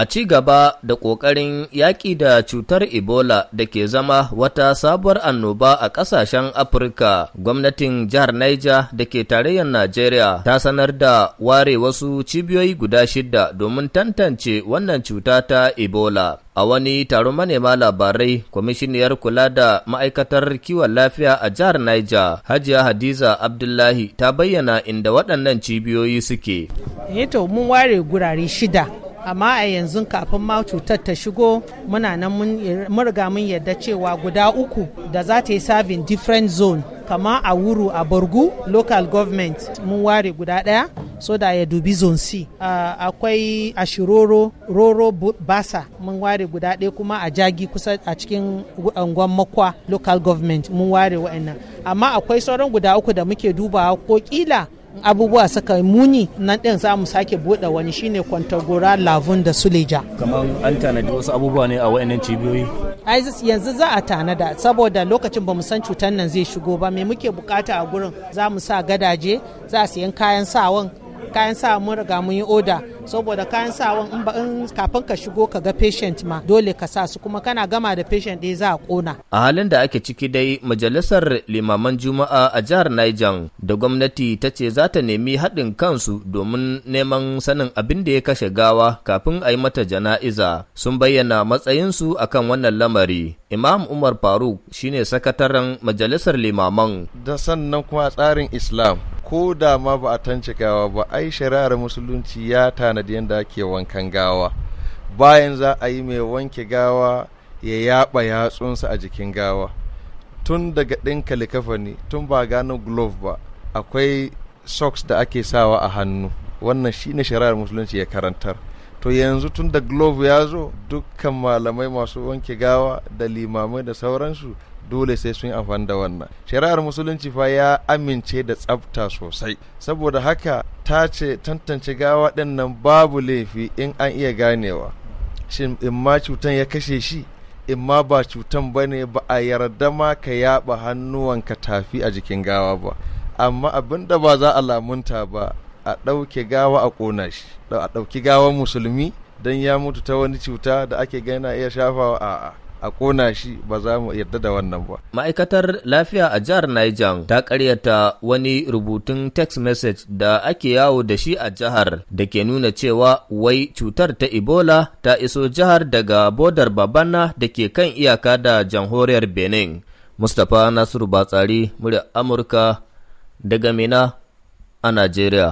A ci gaba da ƙoƙarin yaƙi da cutar Ebola da ke zama wata sabuwar annoba a ƙasashen Afirka, gwamnatin jihar Niger da ke tarayyar Najeriya ta sanar da ware wasu cibiyoyi guda shida domin tantance wannan cuta ta Ebola. A wani taron manema labarai, kwamishiniyar kula da ma'aikatar kiwon lafiya a jihar Niger, Hajiya Hadiza Abdullahi ta bayyana inda waɗannan cibiyoyi suke. Eh mun ware gurare shida amma a yanzu kafin ma cutar ta shigo muna nan mun riga mun yarda cewa guda uku da za ta yi serving different zone kama a wuru a borgu local government mun ware guda daya so da ya dubi zone c akwai a shiroro roro basa mun ware guda ɗaya kuma a jagi kusa a cikin angon makwa local government mun ware wa'annan amma akwai sauran guda uku da muke dubawa ko kila abubuwa suka muni nan ɗin za mu sake buɗe wani shine kwantagora lavun da suleja kamar an tanadi wasu abubuwa ne a wayannan cibiyoyi yanzu za a tanada saboda lokacin ba san cutar nan zai shigo ba me muke bukata a gurin za mu sa gadaje za a siyan kayan sawan kayan sa mun riga mun yi oda saboda kayan sawan in ba in kafin ka shigo ka ga patient ma dole ka sa su kuma kana gama da patient ɗaya za a kona a halin da ake ciki dai majalisar limaman juma'a a jihar Niger da gwamnati ta ce za ta nemi haɗin kansu domin neman sanin abin da ya kashe gawa kafin a yi mata jana'iza sun bayyana matsayinsu akan wannan lamari Imam Umar Faruk shine sakataren majalisar limaman da sannan kuma tsarin Islam ko da ma ba a tance gawa ba ai shari'ar musulunci ya tanadi yadda ake wankan gawa bayan za a yi mai wanke gawa ya yaba yatsunsa a jikin gawa tun daga ɗinka likafani tun ba gano glove ba akwai socks da ake sawa a hannu wannan shine shari'ar musulunci ya karantar to yanzu tun da glove ya zo dukkan malamai masu wanke gawa da limamai da sauransu dole sai sun amfani da wannan shari'ar musulunci fa ya amince da tsafta sosai saboda haka ta ce tantance gawa ɗin nan babu laifi in an iya ganewa shin in ma cutan ya kashe shi in ma ba cutan ba ne ba a yarda ma ka yaɓa hannuwanka tafi a jikin gawa ba amma abin da ba za a lamunta ba a ɗauke gawa a ƙona shi a ɗauki gawan musulmi don ya mutu ta wani cuta da ake gana iya shafawa a'a a ƙona shi ba za mu yarda da wannan ba. Ma'aikatar lafiya a jihar Niger ta ƙaryata wani rubutun text message da ake yawo da shi a jihar da ke nuna cewa wai cutar ta Ebola ta iso jihar daga bodar Babana da ke kan iyaka da jamhuriyar Benin. Mustapha Nasiru Batsari, murya Amurka daga Mina a Najeriya.